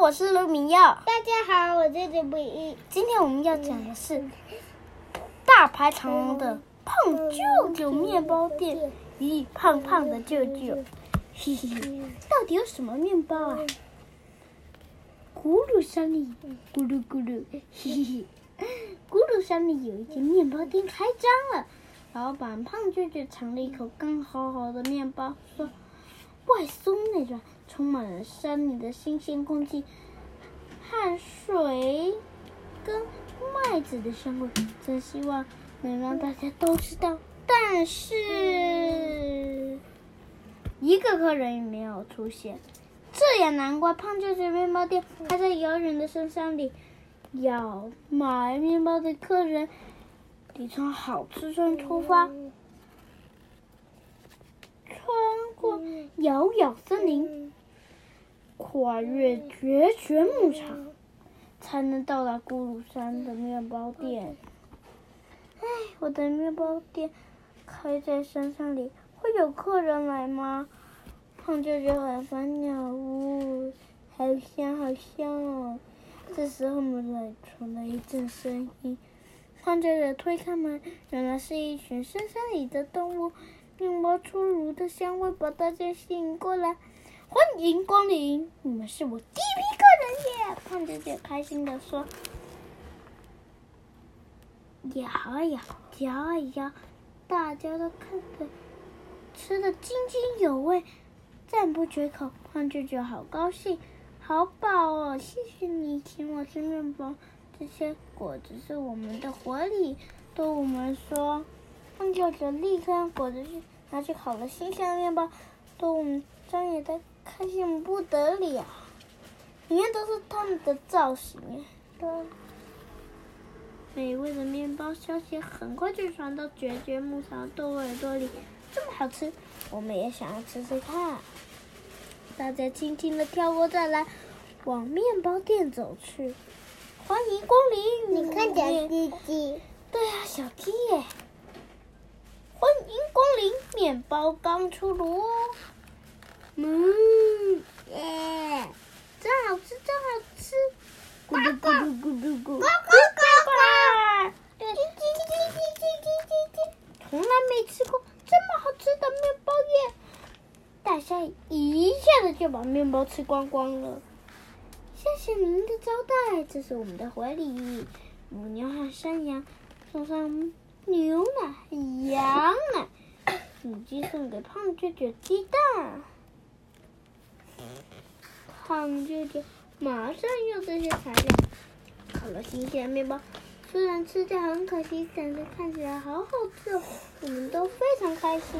我是陸明耀，大家好，我叫李不一。今天我們要講的是《大排長龍的胖舅舅麵包店》，咦，胖胖的舅舅，嘿嘿，到底有什麼麵包啊？咕嚕山裡，咕嚕咕嚕，嘿嘿，咕嚕山裡有一間麵包店開張了。老闆胖舅舅嘗了一口剛烤好的麵包，說。外鬆內軟，充滿了山裡的新鮮空氣，汗水跟麥子的香味，真希望能讓大家都知道。但是，一個客人也沒有出現，這也難怪，胖舅舅麵包店開在遙遠的深山裡，要買麵包的客人得從好吃村出發。遙遙森林，跨越絕絕牧場，才能到達咕嚕山的麵包店。哎，我的麵包店開在深山裡，會有客人來嗎？胖舅舅很煩惱。嗚，好香好香哦！這時候，門外傳來一陣聲音。胖舅舅推開門，原來是一群深山裡的動物。麵包出爐的香味把大家吸引過來，歡迎光臨！你們是我第一批客人耶！胖舅舅開心地說：“咬一咬，咬一咬，大家都看着，吃的津津有味，讚不絕口。”胖舅舅好高興，好飽！哦，謝謝你請我吃麵包，這些果子是我們的活力。動物們說。胖舅舅立刻讓果子去拿去烤了新鮮的麵包，動物們也在開心不得了，啊。裡面都是他們的造型對，啊，美味的麵包。消息很快就傳到絕絕牧場的動物耳朵裡，這麼好吃，我們也想要吃吃看。大家輕輕的跳過柵欄，往麵包店走去。歡迎光臨！你看見，小弟。雞雞，對啊，小雞。歡迎光臨，麵包剛出爐哦！嗯耶，Yeah. 真好吃，真好吃！咕嚕咕嚕咕嚕咕，呱呱呱呱！嚕咕嚕咕嚕嘰嘰嘰，從來沒吃過這麼好吃的麵包耶！大家一下子就把麵包吃光光了。謝謝您的招待，這是我們的回禮。母牛和山羊送上。松松牛奶、羊奶，母雞送給胖舅舅雞蛋。胖舅舅馬上用這些材料烤了新鮮的面包，雖然吃着很可惜，但是看起來好好吃，哦，我們都非常開心。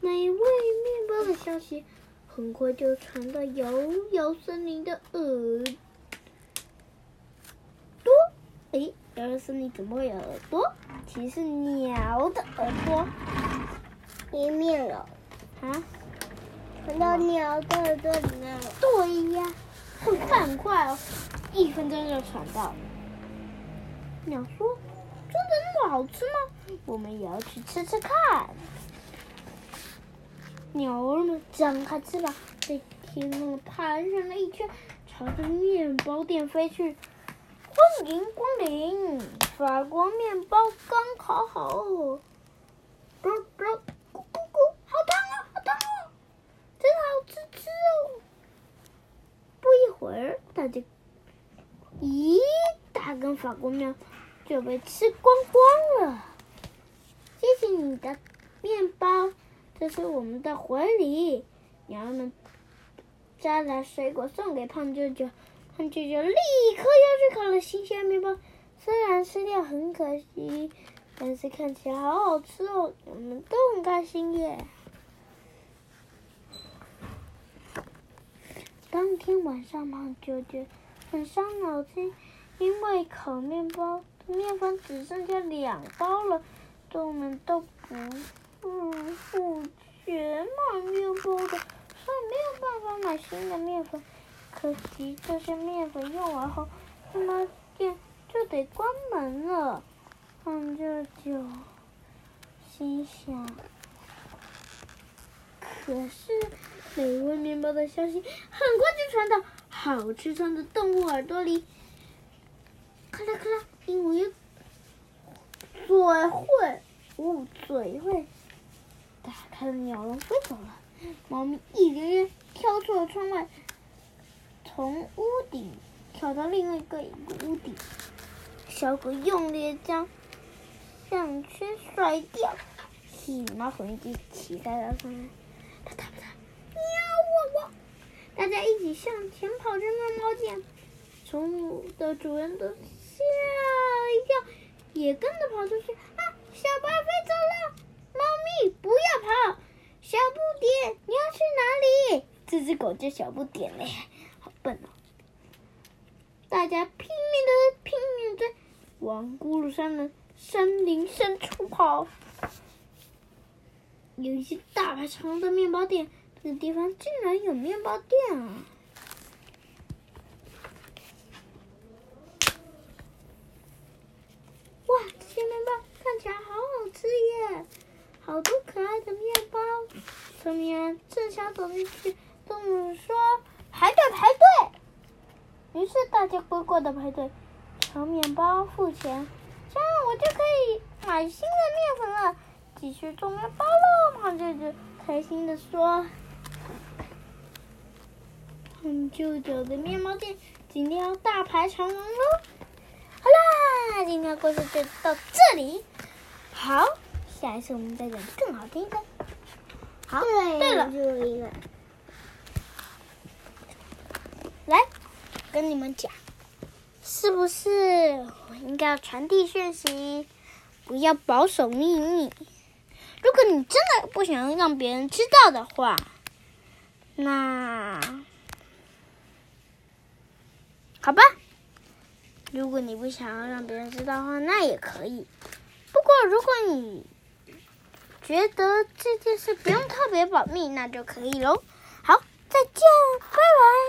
美味麵包的消息很快就傳到遙遙森林的耳。這是你怎麼會有耳朵？其實是鳥的耳朵裡面了啊？傳到鳥的耳朵裡面了？對，嗎對呀，很快很快哦，一分鐘就傳到。鳥說：“真的那麼好吃嗎？我們也要去吃吃看。鳥吃吧”鳥兒們張開翅膀，在天空盤旋了一圈，朝着面包店飛去。歡迎光臨，法國麵包剛烤好，哦，咕咕咕咕咕，好燙啊，好燙啊，真好吃吃哦。不一會兒，他就，咦，大根法國麵就被吃光光了。謝謝你的麵包，這是我們的回禮。娘們能摘點水果送給胖舅舅。胖舅舅立刻要去烤了新鮮麵包，雖然吃掉很可惜，但是看起來好好吃哦，我們都很開心耶。當天晚上，胖舅舅很傷腦筋，因為烤麵包的麵粉只剩下兩包了，動物們都不、嗯、不不全買麵包的，所以沒有辦法買新的麵粉。可惜這些麵粉用完後，麵包店就得關門了。看、嗯、着就心想。可是美味麵包的消息很快就傳到好吃窗的動物耳朵裡。咔啦咔啦，鸚鵡一嘴會，嗚、哦，嘴會，打開了鳥籠飛走了。貓咪一溜煙跳出了窗外。從屋頂跳到另外一個屋頂，小狗用力將項圈甩掉，小貓和一起在那上面，啪嗒啪嗒，喵汪汪，大家一起向前跑着。那貓見，寵物的主人都嚇了一跳，也跟着跑出去。啊，小白飛走了，貓咪不要跑，小不點你要去哪裡？這隻狗叫小不點嘞。大家拼命的拼命追，往咕嚕山的山林深處跑。有一些大排長龍的麵包店，這個地方竟然有麵包店啊！哇，這些麵包看起來好好吃耶！好多可愛的麵包。村民正巧走進去，動物說。於是大家乖乖的排隊，搶麵包付錢。這樣我就可以買新的麵粉了，繼續做麵包了，胖舅舅開心的說：“嗯，舅舅的麵包店今天要大排長龍嘍！”好啦，今天的故事就到這裡。好，下一次我們再講更好聽的。好，對，對了，嗯、來。跟你們講，是不是我應該要傳遞訊息，不要保守秘密？如果你真的不想讓別人知道的話，那好吧。如果你不想要讓別人知道的話，那也可以。不過如果你覺得這件事不用特別保密，那就可以嘍。好，再見，拜拜。